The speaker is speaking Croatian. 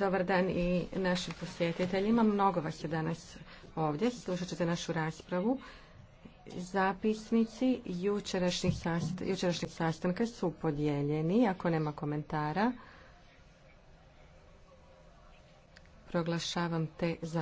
Dobar dan i našim posjetiteljima. Mnogo vas je danas ovdje. Slušat ćete našu raspravu. Zapisnici jučerašnjih, sastanka su podijeljeni. Ako nema komentara, proglašavam te zapisnice.